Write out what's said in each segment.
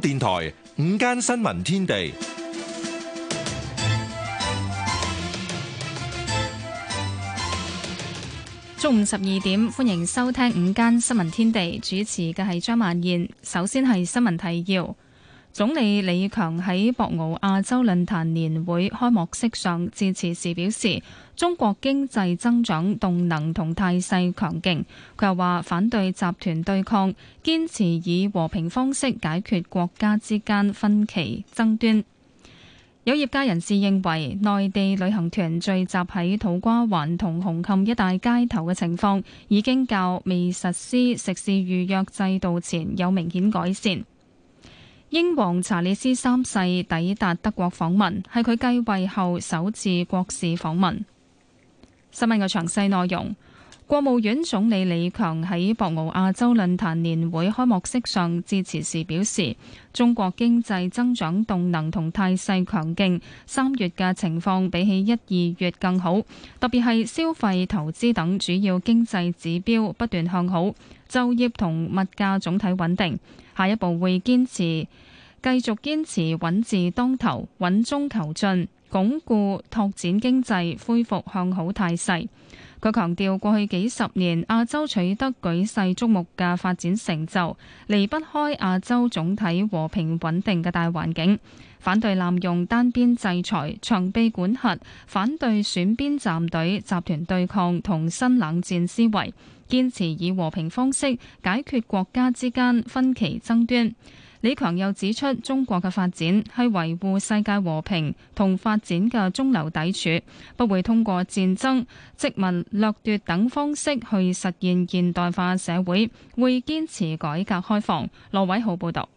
電台午間新聞天地，中午十二點，歡迎收聽午間新聞天地，主持嘅係張曼燕。首先係新聞提要。總理李強喺博鰲亞洲論壇年會開幕式上致辭時表示，中國經濟增長動能同態勢強勁。佢又話反對集團對抗，堅持以和平方式解決國家之間分歧爭端。有業界人士認為，內地旅行團聚集喺土瓜灣同紅磡一帶街頭嘅情況，已經較未實施食肆預約制度前有明顯改善。英皇查理斯三世抵達德國訪問，係佢繼位後首次國事訪問。新聞嘅詳細內容，國務院總理李強喺博鰲亞洲論壇年會開幕式上致辭時表示，中國經濟增長動能同態勢強勁，三月嘅情況比起一二月更好，特別係消費、投資等主要經濟指標不斷向好，就業同物價總體穩定，下一步會堅持。繼續堅持穩字當頭、穩中求進，鞏固拓展經濟恢復向好態勢。佢強調，過去幾十年亞洲取得舉世矚目嘅發展成就，離不開亞洲總體和平穩定嘅大環境。反對濫用單邊制裁、長臂管轄，反對選邊站隊、集團對抗同新冷戰思維，堅持以和平方式解決國家之間分歧爭端。李強又指出，中國嘅發展係維護世界和平同發展嘅中流砥柱，不會通過戰爭、殖民、掠奪等方式去實現現代化社會，會堅持改革開放。羅偉浩報道。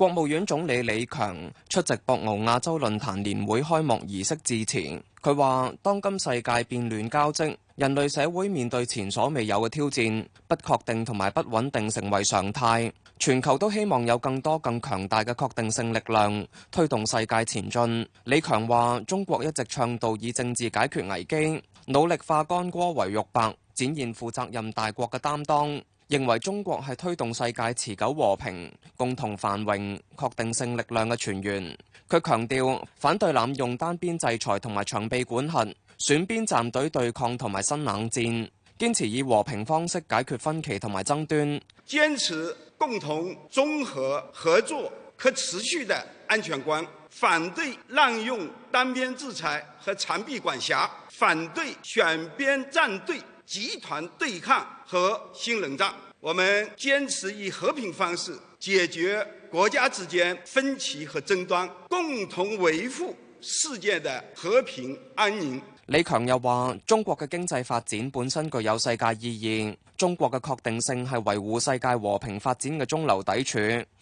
國務院總理李強出席博鰲亞洲論壇年會開幕儀式致辭，佢話：當今世界變亂交織，人類社會面對前所未有嘅挑戰，不確定同埋不穩定成為常態。全球都希望有更多更強大嘅確定性力量推動世界前進。李強話：中國一直倡導以政治解決危機，努力化干戈為玉帛，展現負責任大國嘅擔當。認為中國係推動世界持久和平、共同繁榮、確定性力量嘅成員。佢強調反對濫用單邊制裁同埋長臂管轄、選邊站隊對抗同埋新冷戰，堅持以和平方式解決分歧同埋爭端，堅持共同、綜合、合作、可持續的安全觀，反對濫用單邊制裁和長臂管轄，反對選邊站隊。集團對抗和新冷戰，我們堅持以和平方式解決國家之間分歧和爭端，共同維護世界的和平安寧。李強又話，中國嘅經濟發展本身具有世界意義，中國嘅確定性係維護世界和平發展嘅中流砥柱。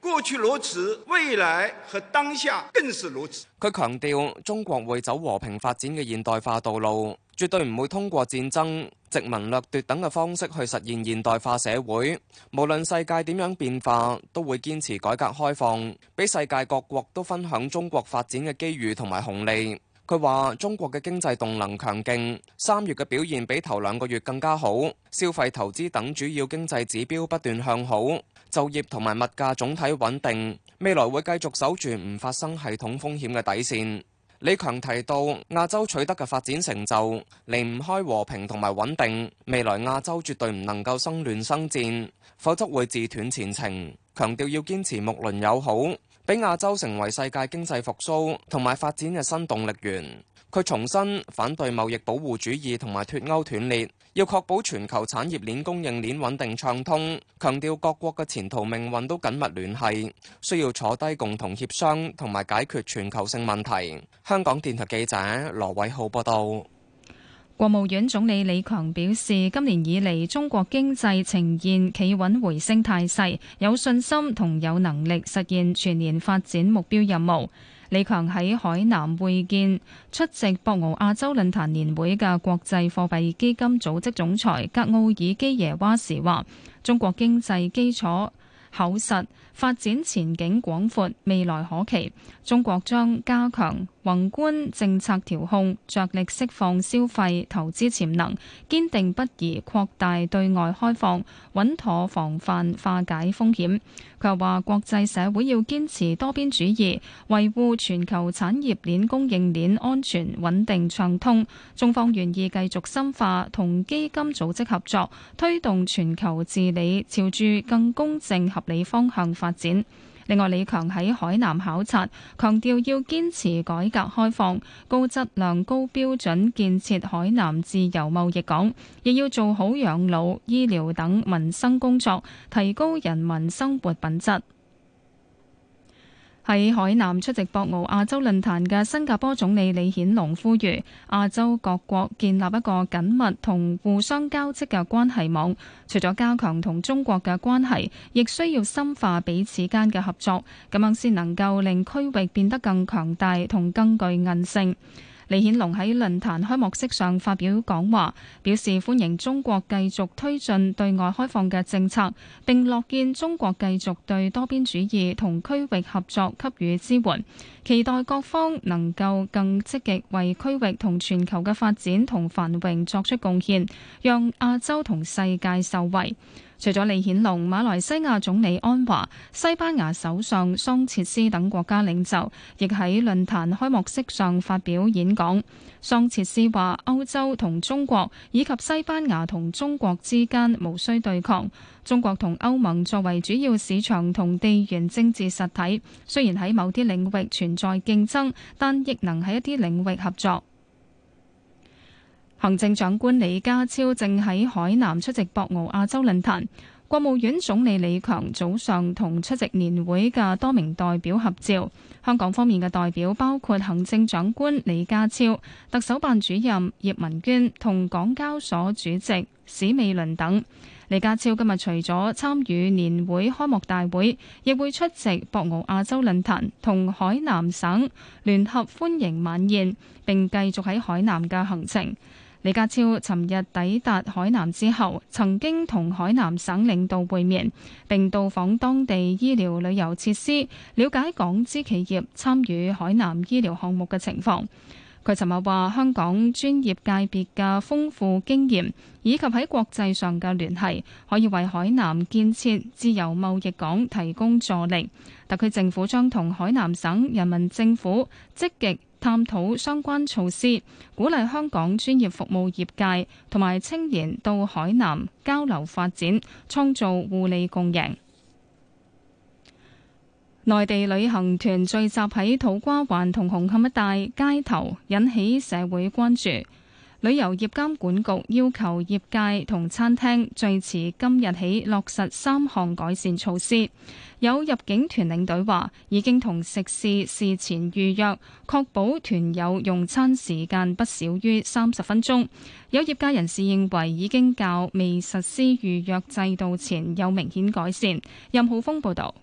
過去如此，未來和當下更是如此。佢強調，中國會走和平發展嘅現代化道路，絕對唔會通過戰爭、殖民掠奪等嘅方式去實現現代化社會。無論世界點樣變化，都會堅持改革開放，畀世界各國都分享中國發展嘅機遇同埋紅利。佢話：中國嘅經濟動能強勁，三月嘅表現比頭兩個月更加好，消費、投資等主要經濟指標不斷向好。就業同埋物價總體穩定，未來會繼續守住唔發生系統風險嘅底線。李強提到，亞洲取得嘅發展成就，離唔開和平同埋穩定。未來亞洲絕對唔能夠生亂生戰，否則會自斷前程。強調要堅持睦鄰友好，俾亞洲成為世界經濟復甦同埋發展嘅新動力源。佢重申反對貿易保護主義同埋脱歐斷裂。要確保全球產業鏈、供應鏈穩定暢通，強調各國嘅前途命運都緊密聯繫，需要坐低共同協商同埋解決全球性問題。香港電台記者羅偉浩報道。國務院總理李強表示，今年以嚟，中國經濟呈現企穩回升態勢，有信心同有能力實現全年發展目標任務。李強喺海南會見出席博鰲亞洲論壇年會嘅國際貨幣基金組織總裁格奧爾基耶娃時話：中國經濟基礎厚實，發展前景廣闊，未來可期。中國將加強，宏觀政策調控着力釋放消費投資潛能，堅定不移擴大對外開放，穩妥防範化解風險。佢又話：國際社會要堅持多邊主義，維護全球產業鏈供應鏈安全穩定暢通。中方願意繼續深化同基金組織合作，推動全球治理朝住更公正合理方向發展。另外，李強喺海南考察，強調要堅持改革開放，高質量、高標準建設海南自由貿易港，亦要做好養老、醫療等民生工作，提高人民生活品質。喺海南出席博鰲亞洲論壇嘅新加坡總理李顯龍呼籲亞洲各國建立一個緊密同互相交織嘅關係網，除咗加強同中國嘅關係，亦需要深化彼此間嘅合作，咁樣先能夠令區域變得更強大同更具韌性。李顯龍喺論壇開幕式上發表講話，表示歡迎中國繼續推進對外開放嘅政策，並樂見中國繼續對多邊主義同區域合作給予支援，期待各方能夠更積極為區域同全球嘅發展同繁榮作出貢獻，讓亞洲同世界受惠。除咗李顯龍、馬來西亞總理安華、西班牙首相桑切斯等國家領袖，亦喺論壇開幕式上發表演講。桑切斯話：歐洲同中國以及西班牙同中國之間無需對抗。中國同歐盟作為主要市場同地緣政治實體，雖然喺某啲領域存在競爭，但亦能喺一啲領域合作。行政長官李家超正喺海南出席博鰲亞洲論壇。國務院總理李強早上同出席年會嘅多名代表合照。香港方面嘅代表包括行政長官李家超、特首辦主任葉文娟同港交所主席史美倫等。李家超今日除咗參與年會開幕大會，亦會出席博鰲亞洲論壇同海南省聯合歡迎晚宴，並繼續喺海南嘅行程。李家超尋日抵達海南之後，曾經同海南省領導會面，並到訪當地醫療旅遊設施，了解港資企業參與海南醫療項目嘅情況。佢尋日話：香港專業界別嘅豐富經驗，以及喺國際上嘅聯繫，可以為海南建設自由貿易港提供助力。特區政府將同海南省人民政府積極。探討相關措施，鼓勵香港專業服務業界同埋青年到海南交流發展，創造互利共贏。內地旅行團聚集喺土瓜灣同紅磡一帶街頭，引起社會關注。旅遊業監管局要求業界同餐廳最遲今日起落實三項改善措施。有入境團領隊話，已經同食肆事事前預約，確保團友用餐時間不少於三十分鐘。有業界人士認為，已經較未實施預約制度前有明顯改善。任浩峰報導。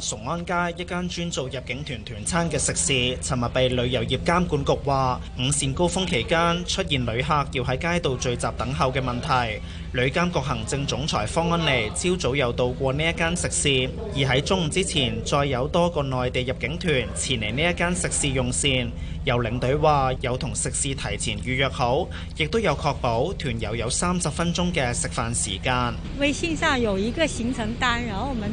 崇安街一間專做入境團團餐嘅食肆，尋日被旅遊業監管局話午膳高峰期間出現旅客要喺街度聚集等候嘅問題。旅監局行政總裁方安妮朝早又到過呢一間食肆，而喺中午之前再有多個內地入境團前嚟呢一間食肆用膳。有領隊話有同食肆提前預約好，亦都有確保團友有三十分鐘嘅食飯時間。微信上有一個行程單，然後我們。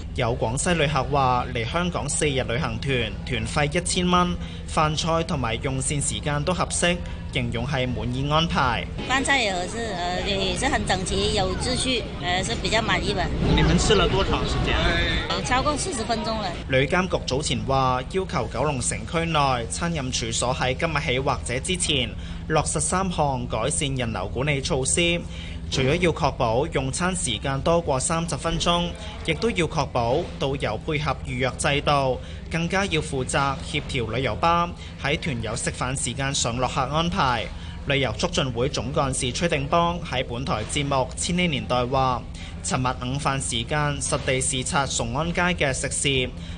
有廣西旅客話嚟香港四日旅行團，團費一千蚊，飯菜同埋用膳時間都合適，形容係滿意安排。飯菜也合適，呃，也是很整齊，有秩序，呃，是比較滿意嘅。你們吃了多長時間？超過四十分鐘啦。旅監局早前話要求九龍城區內餐飲處所喺今日起或者之前落實三項改善人流管理措施。除咗要確保用餐時間多過三十分鐘，亦都要確保導遊配合預約制度，更加要負責協調旅遊巴，喺團友食飯時間上落客安排。旅遊促進會總幹事崔定邦喺本台節目《千禧年代》話。尋日午飯時間，實地視察崇安街嘅食肆，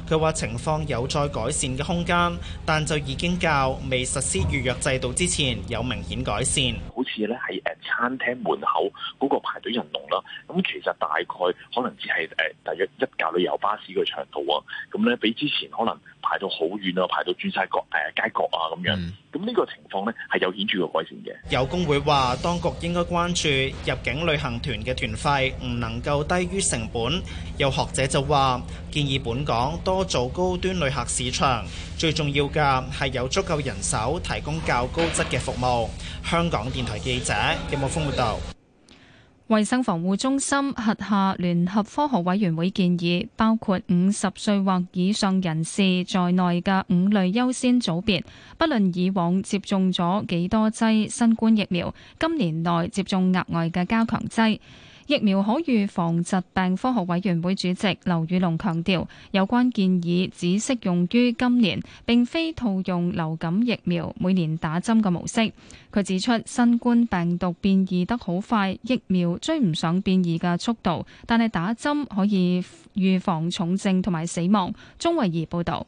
佢話情況有再改善嘅空間，但就已經較未實施預約制度之前有明顯改善。好似咧喺誒餐廳門口嗰個排隊人龍啦，咁其實大概可能只係誒大約一架旅遊巴士嘅長度啊，咁咧比之前可能。排到好遠啊！排到轉曬角誒街角啊咁樣，咁呢個情況呢係有顯著嘅改善嘅。有工會話，當局應該關注入境旅行團嘅團費唔能夠低於成本。有學者就話建議本港多做高端旅客市場。最重要嘅係有足夠人手提供較高質嘅服務。香港電台記者葉慕峯報道。衛生防護中心轄下聯合科學委員會建議，包括五十歲或以上人士在內嘅五類優先組別，不論以往接種咗幾多劑新冠疫苗，今年內接種額外嘅加強劑。疫苗可預防疾病科學委員會主席劉宇龍強調，有關建議只適用於今年，並非套用流感疫苗每年打針嘅模式。佢指出，新冠病毒變異得好快，疫苗追唔上變異嘅速度，但係打針可以預防重症同埋死亡。鍾慧儀報道，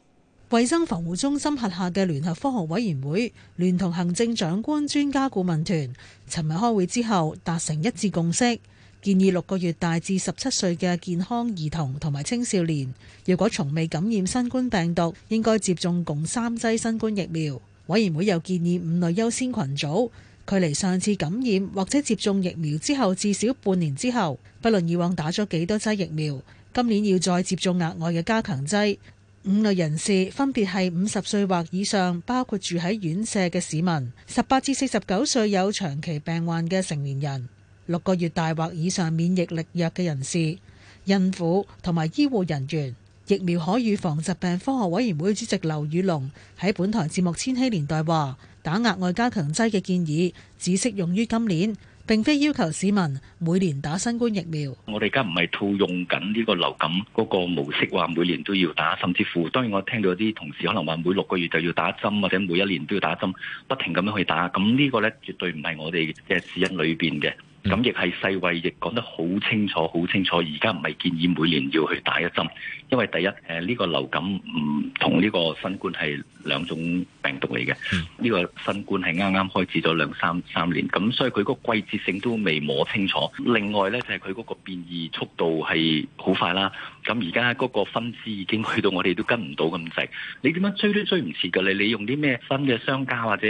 衛生防護中心轄下嘅聯合科學委員會聯同行政長官專家顧問團，尋日開會之後達成一致共識。建議六個月大至十七歲嘅健康兒童同埋青少年，如果從未感染新冠病毒，應該接種共三劑新冠疫苗。委員會又建議五類優先群組，距離上次感染或者接種疫苗之後至少半年之後，不論以往打咗幾多劑疫苗，今年要再接種額外嘅加強劑。五類人士分別係五十歲或以上，包括住喺院舍嘅市民，十八至四十九歲有長期病患嘅成年人、六個月大或以上免疫力弱嘅人士、孕婦同埋醫護人員，疫苗可預防疾病科學委員會主席劉宇龍喺本台節目《千禧年代》話：打額外加強劑嘅建議只適用於今年，並非要求市民每年打新冠疫苗。我哋而家唔係套用緊呢個流感嗰個模式，話每年都要打，甚至乎當然我聽到啲同事可能話每六個月就要打針，或者每一年都要打針，不停咁樣去打。咁呢個呢，絕對唔係我哋嘅指引裏邊嘅。咁亦係世衛亦講得好清楚，好清楚。而家唔係建議每年要去打一針，因為第一，誒呢個流感唔同呢個新冠係兩種病毒嚟嘅。呢個新冠係啱啱開始咗兩三三年，咁所以佢嗰個季節性都未摸清楚。另外呢，就係佢嗰個變異速度係好快啦。咁而家嗰個分支已經去到我哋都跟唔到咁滯。你點樣追都追唔切㗎？你你用啲咩新嘅商家或者？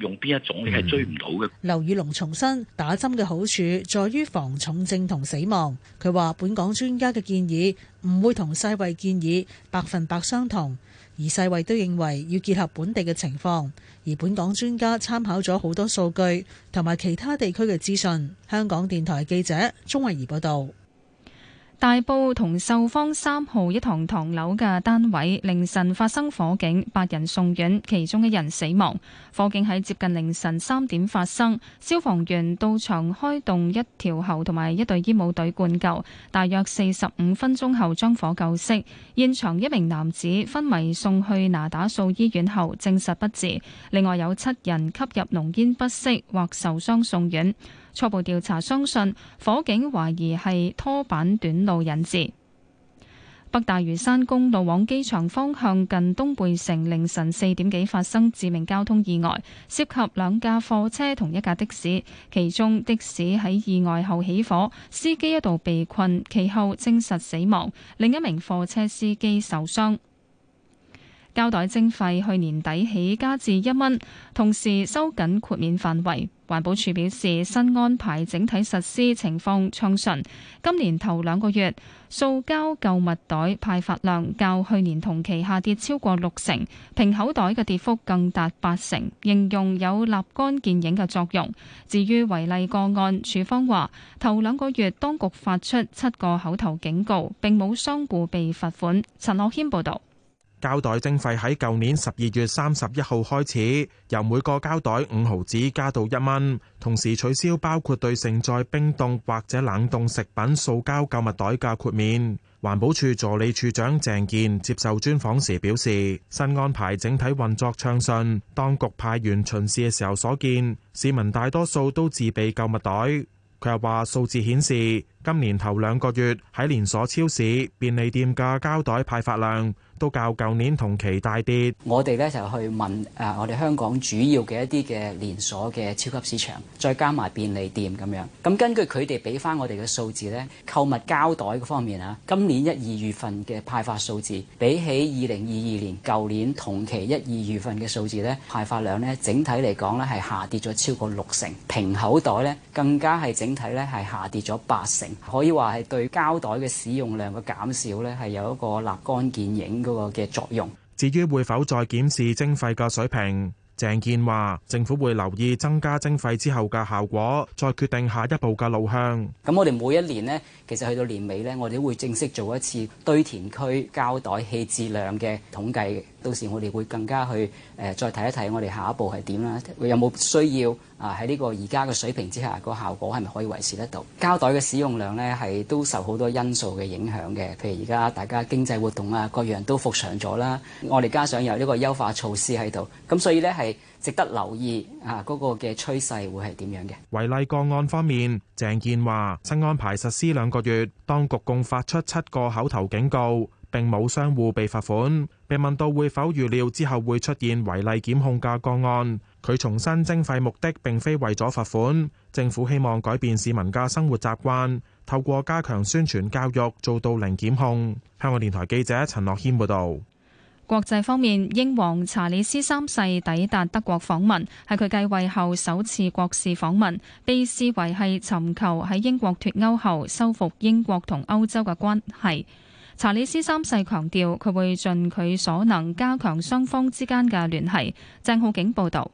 用邊一種你係追唔到嘅？劉宇龍重申打針嘅好處在於防重症同死亡。佢話本港專家嘅建議唔會同世衛建議百分百相同，而世衛都認為要結合本地嘅情況，而本港專家參考咗好多數據同埋其他地區嘅資訊，香港電台記者鍾慧儀報道。大埔同秀坊三號一幢唐樓嘅單位凌晨發生火警，八人送院，其中一人死亡。火警喺接近凌晨三點發生，消防員到場開動一條喉同埋一隊醫務隊灌救，大約四十五分鐘後將火救熄。現場一名男子昏迷送去那打素醫院後證實不治，另外有七人吸入濃煙不適或受傷送院。初步調查相信，火警懷疑係拖板短路引致。北大嶼山公路往機場方向近東貝城凌晨四點幾發生致命交通意外，涉及兩架貨車同一架的士，其中的士喺意外後起火，司機一度被困，其後證實死亡；另一名貨車司機受傷。膠袋徵費去年底起加至一蚊，同時收緊豁免範圍。環保署表示，新安排整體實施情況暢順。今年頭兩個月，塑膠購物袋派發量較去年同期下跌超過六成，瓶口袋嘅跌幅更達八成，形容有立竿見影嘅作用。至於違例個案，署方話頭兩個月當局發出七個口頭警告，並冇商戶被罰款。陳樂謙報道。膠袋徵費喺舊年十二月三十一號開始，由每個膠袋五毫子加到一蚊，同時取消包括對盛載冰凍或者冷凍食品塑膠購物袋嘅豁免。環保處助理處長鄭健接受專訪時表示，新安排整體運作暢順，當局派員巡視嘅時候所見，市民大多數都自備購物袋。佢又話，數字顯示今年頭兩個月喺連鎖超市、便利店嘅膠袋派發量，都較舊年同期大跌。我哋咧就去問誒、呃，我哋香港主要嘅一啲嘅連鎖嘅超級市場，再加埋便利店咁樣。咁、嗯、根據佢哋俾翻我哋嘅數字呢，購物膠袋嘅方面啊，今年一二月份嘅派發數字，比起二零二二年舊年同期一二月份嘅數字呢，派發量呢，整體嚟講呢，係下跌咗超過六成。平口袋呢，更加係整體呢，係下跌咗八成，可以話係對膠袋嘅使用量嘅減少呢，係有一個立竿見影嗰個嘅作用。至於會否再檢視徵費嘅水平，鄭建話政府會留意增加徵費之後嘅效果，再決定下一步嘅路向。咁我哋每一年呢，其實去到年尾呢，我哋會正式做一次堆填區膠袋棄置量嘅統計。到時我哋會更加去誒再睇一睇我哋下一步係點啦，有冇需要啊？喺呢個而家嘅水平之下，個效果係咪可以維持得到膠袋嘅使用量呢，係都受好多因素嘅影響嘅。譬如而家大家經濟活動啊，各樣都復常咗啦。我哋加上有呢個優化措施喺度，咁所以呢，係值得留意啊，嗰個嘅趨勢會係點樣嘅？違例個案方面，鄭建華新安排實施兩個月，當局共發出七個口頭警告。並冇商戶被罰款。被問到會否預料之後會出現違例檢控嘅個案，佢重申徵費目的並非為咗罰款，政府希望改變市民嘅生活習慣，透過加強宣傳教育做到零檢控。香港電台記者陳樂軒報道。國際方面，英皇查理斯三世抵達德國訪問，係佢繼位後首次國事訪問，被視為係尋求喺英國脱歐後修復英國同歐洲嘅關係。查理斯三世強調，佢會盡佢所能加強雙方之間嘅聯繫。鄭浩景報導。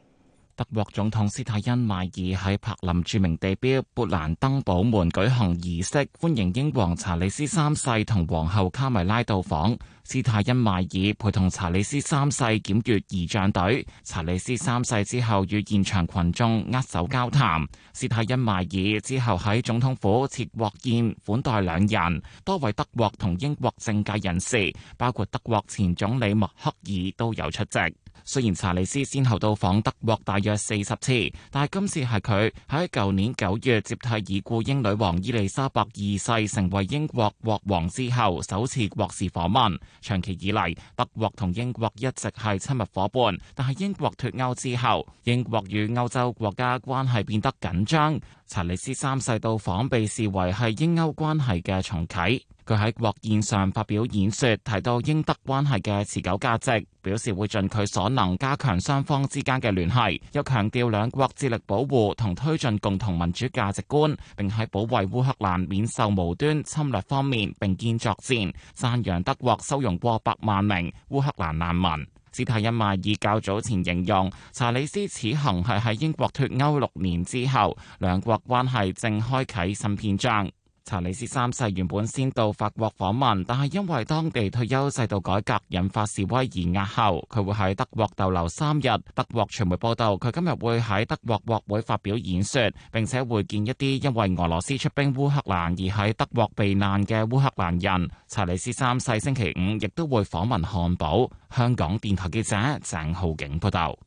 德國總統斯泰因邁爾喺柏林著名地標勃蘭登堡門舉行儀式，歡迎英皇查理斯三世同皇后卡米拉到訪。斯泰因邁爾陪同查理斯三世檢閱儀仗隊，查理斯三世之後與現場群眾握手交談。斯泰因邁爾之後喺總統府設國宴款待兩人，多位德國同英國政界人士，包括德國前總理默克爾都有出席。雖然查理斯先後到訪德國大約四十次，但係今次係佢喺舊年九月接替已故英女王伊麗莎白二世成為英國國王之後首次國事訪問。長期以嚟，德國同英國一直係親密夥伴，但係英國脫歐之後，英國與歐洲國家關係變得緊張。查理斯三世到訪被視為係英歐關係嘅重啓。佢喺國宴上發表演說，提到英德關係嘅持久價值，表示會盡佢所能加強雙方之間嘅聯繫，又強調兩國致力保護同推進共同民主價值觀，並喺保衛烏克蘭免受無端侵略方面並肩作戰，讚揚德國收容過百萬名烏克蘭難民。斯泰因麥爾較早前形容，查理斯此行係喺英國脫歐六年之後，兩國關係正開啓新篇章。查理斯三世原本先到法國訪問，但係因為當地退休制度改革引發示威而押後。佢會喺德國逗留三日。德國傳媒報道，佢今日會喺德國國會發表演說，並且會見一啲因為俄羅斯出兵烏克蘭而喺德國避難嘅烏克蘭人。查理斯三世星，星期五亦都會訪問漢堡。香港電台記者鄭浩景報道。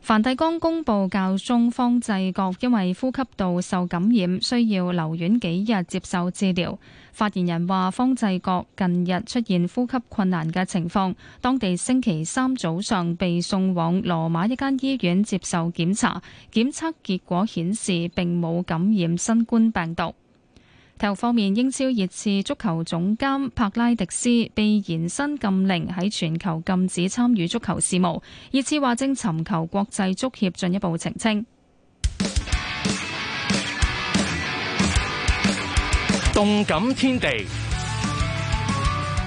梵蒂岡公布，教宗方濟各因為呼吸道受感染，需要留院幾日接受治療。發言人話，方濟各近日出現呼吸困難嘅情況，當地星期三早上被送往羅馬一間醫院接受檢查，檢測結果顯示並冇感染新冠病毒。體育方面，英超熱刺足球總監柏拉迪斯被延伸禁令，喺全球禁止參與足球事務。熱刺話正尋求國際足協進一步澄清。動感天地。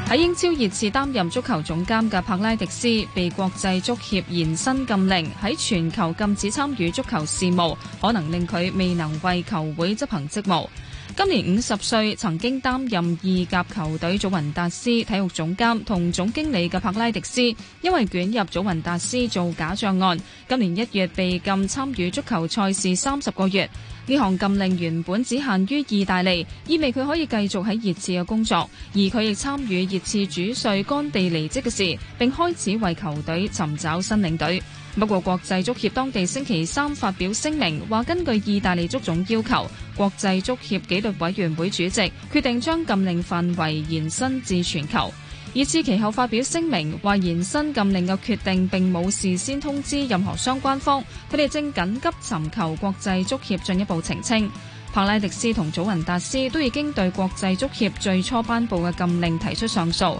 喺英超熱刺擔任足球總監嘅柏拉迪斯被國際足協延伸禁令，喺全球禁止參與足球事務，可能令佢未能為球會執行職務。今年五十歲，曾經擔任意甲球隊祖雲達斯體育總監同總經理嘅帕拉迪斯，因為捲入祖雲達斯造假帳案，今年一月被禁參與足球賽事三十個月。呢項禁令原本只限於意大利，意味佢可以繼續喺熱刺嘅工作。而佢亦參與熱刺主帥干地離職嘅事，並開始為球隊尋找新領隊。不過國際足協當地星期三發表聲明，話根據意大利足總要求，國際足協紀律委員會主席決定將禁令範圍延伸至全球。熱刺其後發表聲明，話延伸禁令嘅決定並冇事先通知任何相關方，佢哋正緊急尋求國際足協進一步澄清。帕拉迪斯同祖雲達斯都已經對國際足協最初頒布嘅禁令提出上訴。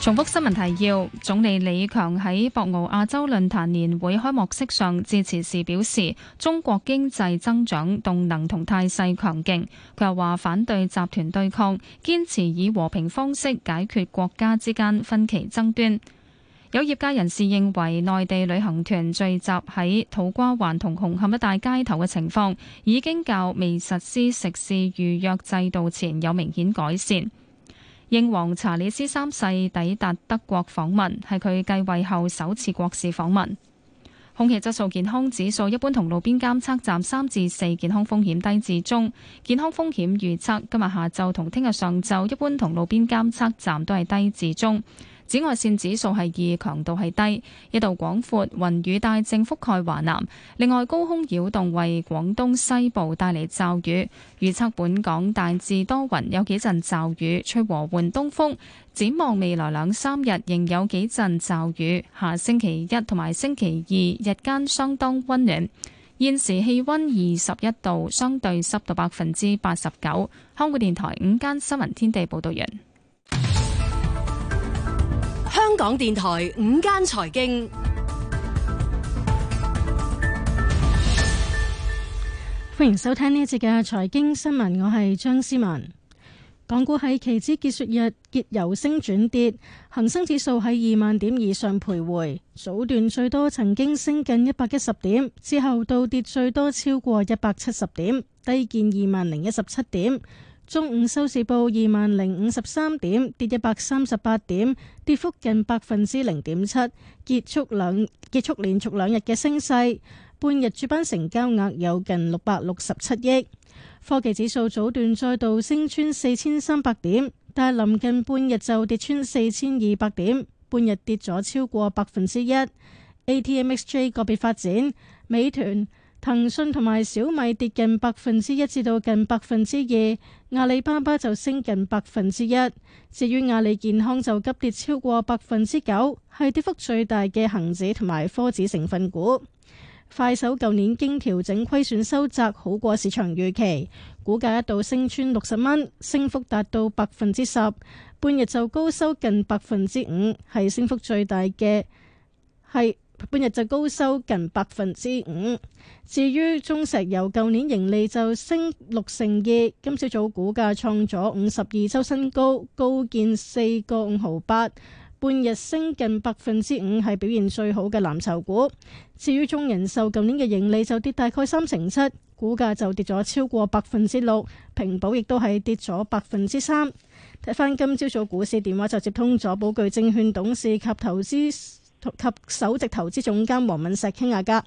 重複新聞提要：總理李強喺博鰲亞洲論壇年會開幕式上致辭時表示，中國經濟增長動能同態勢強勁。佢又話反對集團對抗，堅持以和平方式解決國家之間分歧爭端。有業界人士認為，內地旅行團聚集喺土瓜灣同紅磡一帶街頭嘅情況，已經較未實施食肆預約制度前有明顯改善。英皇查理斯三世抵達德國訪問，係佢繼位後首次國事訪問。空氣質素健康指數一般同路邊監測站三至四，健康風險低至中。健康風險預測今日下晝同聽日上晝一般同路邊監測站都係低至中。紫外線指數係二，強度係低。一道廣闊雲雨帶正覆蓋華南，另外高空擾動為廣東西部帶嚟驟雨。預測本港大致多雲，有幾陣驟雨，吹和緩東風。展望未來兩三日仍有幾陣驟雨。下星期一同埋星期二日間相當溫暖。現時氣温二十一度，相對濕度百分之八十九。香港電台午間新聞天地報道完。香港電台午間財經，歡迎收聽呢一節嘅財經新聞。我係張思文。港股喺期指結算日結由升轉跌，恒生指數喺二萬點以上徘徊，早段最多曾經升近一百一十點，之後倒跌最多超過一百七十點，低見二萬零一十七點。中午收市報二萬零五十三點，跌一百三十八點，跌幅近百分之零點七，結束兩結束連續兩日嘅升勢。半日主板成交額有近六百六十七億。科技指數早段再度升穿四千三百點，但係臨近半日就跌穿四千二百點，半日跌咗超過百分之一。ATMXJ 個別發展，美團、騰訊同埋小米跌近百分之一至到近百分之二，阿里巴巴就升近百分之一。至於阿里健康就急跌超過百分之九，係跌幅最大嘅恒指同埋科指成分股。快手舊年經調整虧損收窄，好過市場預期，股價一度升穿六十蚊，升幅達到百分之十，半日就高收近百分之五，係升幅最大嘅，係。半日就高收近百分之五。至於中石油，舊年盈利就升六成二，今朝早股價創咗五十二週新高，高見四個五毫八，半日升近百分之五，係表現最好嘅藍籌股。至於中人壽舊年嘅盈利就跌大概三成七，股價就跌咗超過百分之六，平保亦都係跌咗百分之三。睇返今朝早股市電話就接通咗，寶具證券董事及投資。及首席投資總監黃敏石傾下家，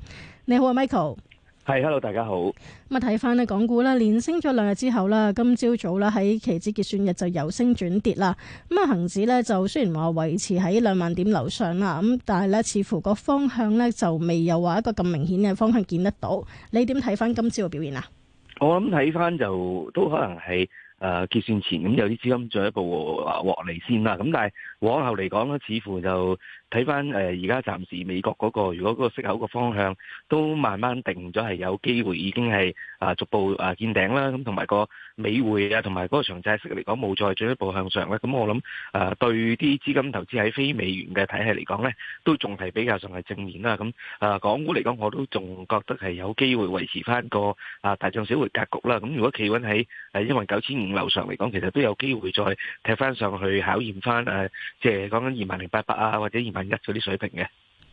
你好啊，Michael，係，hello，大家好。咁啊，睇翻咧港股咧，連升咗兩日之後咧，今朝早咧喺期指結算日就由升轉跌啦。咁啊，恒指呢，就雖然話維持喺兩萬點樓上啦，咁但係呢，似乎個方向呢，就未有話一個咁明顯嘅方向見得到。你點睇翻今朝嘅表現啊？我諗睇翻就都可能係誒、呃、結算前咁有啲資金進一步獲利先啦。咁但係往後嚟講咧，似乎就。睇翻誒，而家暫時美國嗰個，如果嗰個息口個方向都慢慢定咗，係有機會已經係啊逐步啊見頂啦。咁同埋個美匯啊，同埋嗰個長債息嚟講，冇再進一步向上咧。咁我諗誒對啲資金投資喺非美元嘅體系嚟講咧，都仲係比較上係正面啦。咁啊，港股嚟講，我都仲覺得係有機會維持翻個啊大漲小回格局啦。咁如果企穩喺誒一萬九千五樓上嚟講，其實都有機會再踢翻上去考驗翻誒，即係講緊二萬零八百啊，或者二萬啲水平嘅，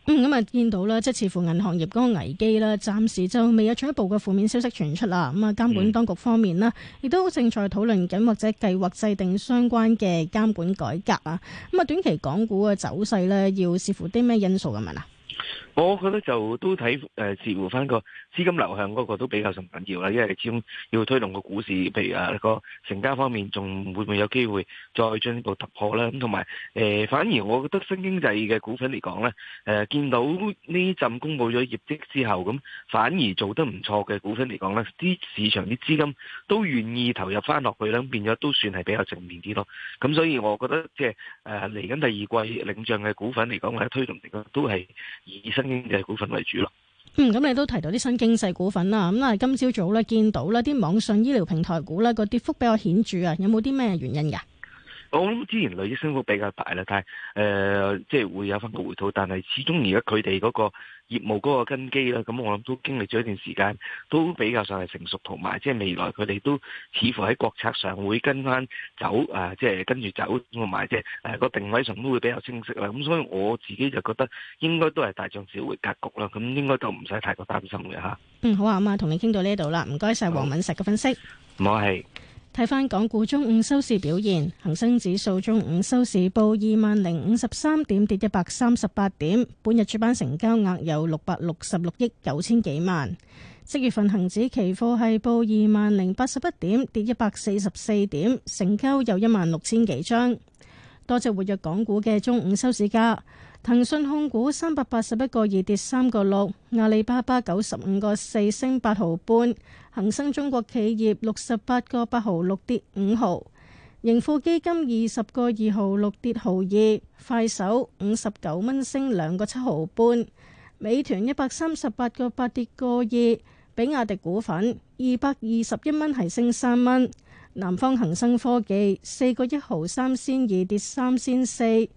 嗯，咁啊見到啦，即係似乎銀行業嗰個危機啦，暫時就未有進一步嘅負面消息傳出啦。咁啊，監管當局方面啦，亦、嗯、都正在討論緊或者計劃制定相關嘅監管改革啊。咁啊，短期港股嘅走勢呢，要視乎啲咩因素咁樣啊？我覺得就都睇誒，視乎翻個資金流向嗰個都比較重緊要啦。因為始終要推動個股市，譬如話個成交方面，仲會唔會有機會再進一步突破咧？咁同埋誒，反而我覺得新經濟嘅股份嚟講咧，誒、呃、見到呢陣公佈咗業績之後，咁反而做得唔錯嘅股份嚟講咧，啲市場啲資金都願意投入翻落去啦，變咗都算係比較正面啲咯。咁所以我覺得即係誒嚟緊第二季領漲嘅股份嚟講，或者推動嚟講都係。以新經濟股份為主咯。嗯，咁你都提到啲新經濟股份啦。咁啊，今朝早咧見到呢啲網上醫療平台股咧個跌幅比較顯著啊。有冇啲咩原因噶？我諗之前累積升幅比較大啦，但係誒、呃、即係會有返個回吐，但係始終而家佢哋嗰個業務嗰個根基咧，咁我諗都經歷咗一段時間，都比較上係成熟，同埋即係未來佢哋都似乎喺國策上會跟返走啊、呃，即係跟住走，同埋即係誒個定位上都會比較清晰啦。咁、嗯、所以我自己就覺得應該都係大漲小回格局啦。咁應該都唔使太過擔心嘅嚇。嗯，好啊，咁啊同你傾到呢度啦，唔該晒黃敏石嘅分析。唔好睇返港股中午收市表現，恒生指數中午收市報二萬零五十三點，跌一百三十八點。本日主板成交額有六百六十六億九千幾萬。即月份恒指期貨係報二萬零八十一點，跌一百四十四點，成交有一萬六千幾張。多隻活躍港股嘅中午收市價。騰訊控股三百八十一個二跌三個六，阿里巴巴九十五個四升八毫半，恒生中國企業六十八個八毫六跌五毫，盈富基金二十個二毫六跌毫二，快手五十九蚊升兩個七毫半，美團一百三十八個八跌個二，比亞迪股份二百二十一蚊係升三蚊，南方恒生科技四個一毫三先二跌三先四。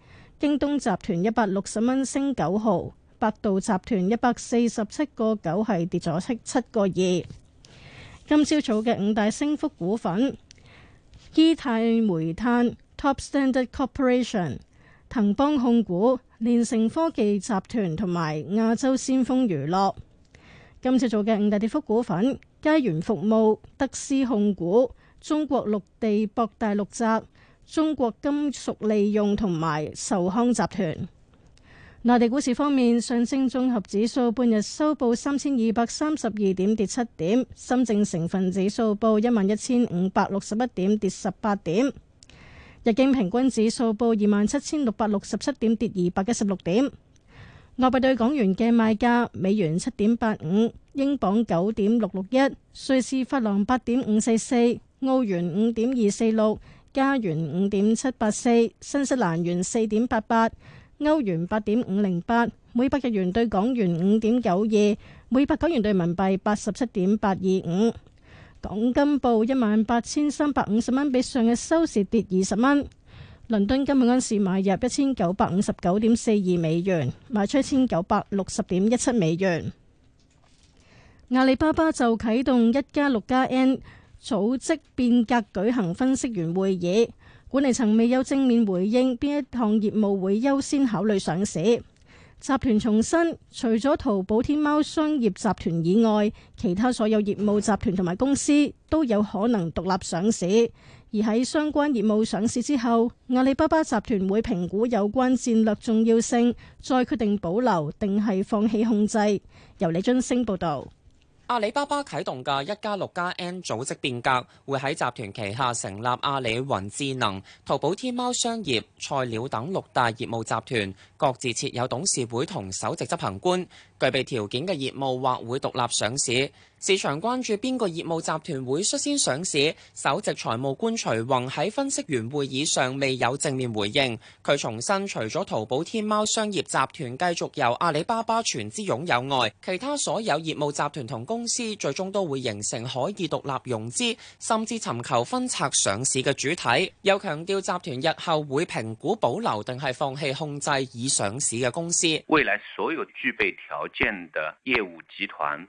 京東集團一百六十蚊升九毫，百度集團一百四十七個九係跌咗七七個二。今朝早嘅五大升幅股份：伊泰煤炭、Top Standard Corporation、騰邦控股、聯成科技集團同埋亞洲先鋒娛樂。今朝早嘅五大跌幅股份：佳源服務、德斯控股、中國綠地博大綠澤中國金屬利用同埋壽康集團。內地股市方面，上證綜合指數半日收報三千二百三十二點，跌七點；深證成分指數報一萬一千五百六十一點，跌十八點；日經平均指數報二萬七千六百六十七點，跌二百一十六點。外幣對港元嘅賣價：美元七點八五，英鎊九點六六一，瑞士法郎八點五四四，澳元五點二四六。加元五點七八四，84，新西蘭元四點八八，歐元八點五零八，每百日元對港元五點九二，每百港元對人民幣八十七點八二五。港金報一萬八千三百五十蚊，比上日收市跌二十蚊。倫敦金每盎司買入一千九百五十九點四二美元，賣出一千九百六十點一七美元。阿里巴巴就啟動一加六加 N。組織變革舉行分析員會議，管理層未有正面回應，邊一項業務會優先考慮上市。集團重申，除咗淘寶、天貓商業集團以外，其他所有業務集團同埋公司都有可能獨立上市。而喺相關業務上市之後，阿里巴巴集團會評估有關戰略重要性，再決定保留定係放棄控制。由李津升報道。阿里巴巴啟動嘅一加六加 N 組織變革，會喺集團旗下成立阿里雲智能、淘寶天貓商業、菜鳥等六大業務集團，各自設有董事會同首席執行官。具備條件嘅業務或會獨立上市，市場關注邊個業務集團會率先上市。首席財務官徐宏喺分析員會議上未有正面回應。佢重申，除咗淘寶天貓商業集團繼續由阿里巴巴全資擁有外，其他所有業務集團同公司最終都會形成可以獨立融資，甚至尋求分拆上市嘅主體。又強調集團日後會評估保留定係放棄控制已上市嘅公司。未來所有具備條建的業務集團。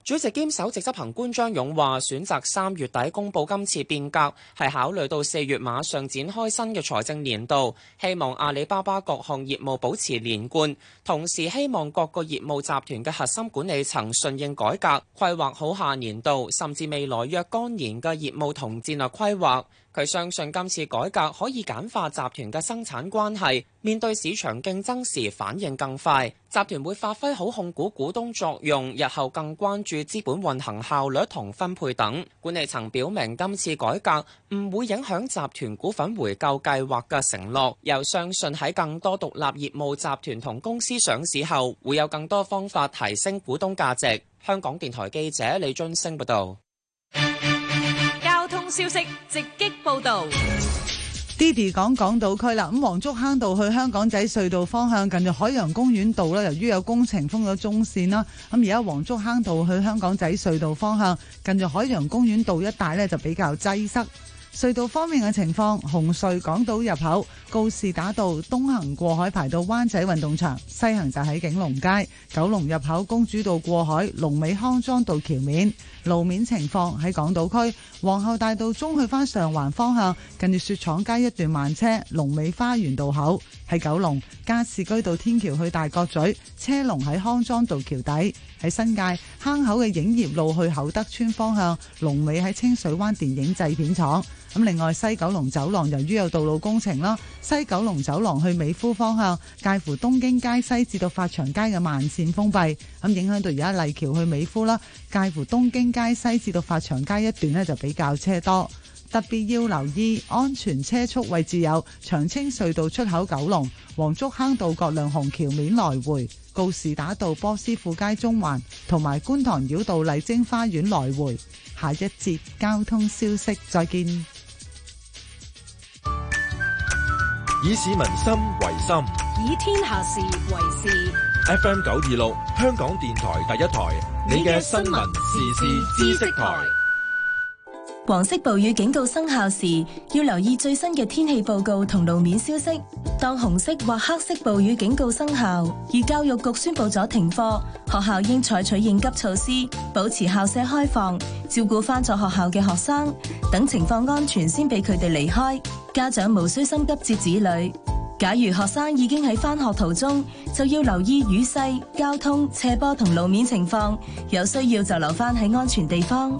主席兼首席執行官張勇話：選擇三月底公布今次變革，係考慮到四月馬上展開新嘅財政年度，希望阿里巴巴各項業務保持連貫，同時希望各個業務集團嘅核心管理層順應改革，規劃好下年度，甚至未來若干年嘅業務同戰略規劃。佢相信今次改革可以簡化集團嘅生產關係，面對市場競爭時反應更快。集團會發揮好控股股東作用，日後更關注資本運行效率同分配等。管理層表明今次改革唔會影響集團股份回購計劃嘅承諾，又相信喺更多獨立業務集團同公司上市後，會有更多方法提升股東價值。香港電台記者李津升報道。交通消息直擊報導。Didi 講港島區啦，咁黃竹坑道去香港仔隧道方向近住海洋公園道啦。由於有工程封咗中線啦，咁而家黃竹坑道去香港仔隧道方向近住海洋公園道一帶呢，就比較擠塞。隧道方面嘅情況，紅隧港島入口告士打道東行過海排到灣仔運動場，西行就喺景隆街九龍入口公主道過海龍尾康莊道橋面。路面情況，喺港島區皇后大道中去返上環方向，近住雪廠街一段慢車；龍尾花園道口。喺九龍加士居道天橋去大角咀車龍，喺康莊道橋底。喺新界坑口嘅影業路去厚德村方向龍尾，喺清水灣電影製片廠。咁另外西九龍走廊由於有道路工程啦，西九龍走廊去美孚方向介乎東京街西至到發祥街嘅慢線封閉，咁影響到而家麗橋去美孚啦，介乎東京。街西至到法祥街，一段咧，就比較車多，特別要留意安全車速位置，有長青隧道出口、九龍黃竹坑道、各亮紅橋面來回、告士打道、波斯富街中環同埋觀塘繞道麗晶花園來回。下一節交通消息，再見。以市民心為心，以天下事為事。FM 九二六，香港電台第一台。你嘅新聞時事知識台，黃色暴雨警告生效時，要留意最新嘅天氣報告同路面消息。當紅色或黑色暴雨警告生效，而教育局宣布咗停課，學校應採取應急措施，保持校舍開放，照顧返咗學校嘅學生等情況安全先俾佢哋離開。家長無需心急接子女。假如學生已經喺返學途中，就要留意雨勢、交通、斜坡同路面情況，有需要就留翻喺安全地方。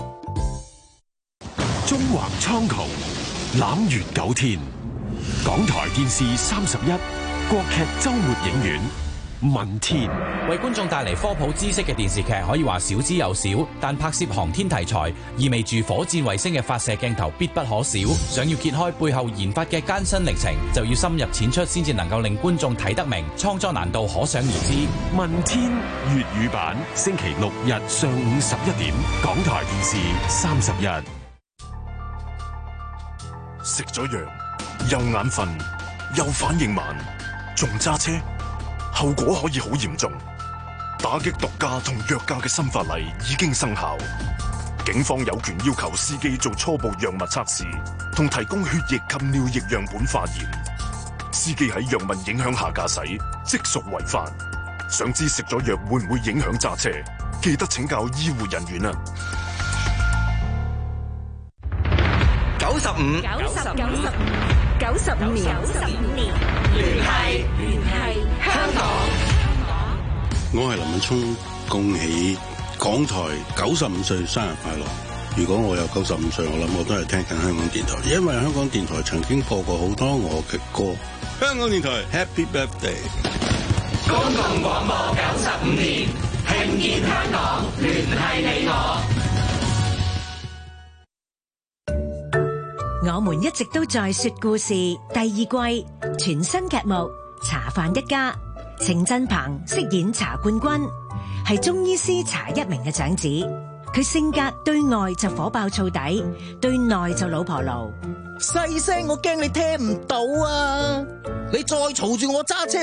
中橫蒼穹，攬月九天。港台電視三十一，國劇周末影院。問天為觀眾帶嚟科普知識嘅電視劇，可以話少之又少。但拍攝航天題材，意味住火箭衛星嘅發射鏡頭必不可少。想要揭開背後研發嘅艱辛歷程，就要深入淺出，先至能夠令觀眾睇得明。創作難度可想而知。問天粵語版星期六日上午十一點，港台電視三十日。食咗藥又眼瞓又反應慢，仲揸車。後果可以好嚴重，打擊毒駕同藥駕嘅新法例已經生效，警方有權要求司機做初步藥物測試，同提供血液及尿液樣本化驗。司機喺藥物影響下駕駛，即屬違法。想知食咗藥會唔會影響揸車？記得請教醫護人員啊！九十五，九十五，九十五，九十五年，聯繫，聯繫。我係林敏聰，恭喜港台九十五歲生日快樂！如果我有九十五歲，我諗我都係聽緊香港電台，因為香港電台曾經播過好多我嘅歌。香港電台 Happy Birthday！公共廣播九十五年，聽見香港，聯繫你我。我們一直都在說故事第二季全新劇目《茶飯一家》。程振鵬飾演茶冠軍，係中醫師茶一名嘅長子。佢性格對外就火爆燥底，對內就老婆奴。細聲，我驚你聽唔到啊！你再嘈住我揸車。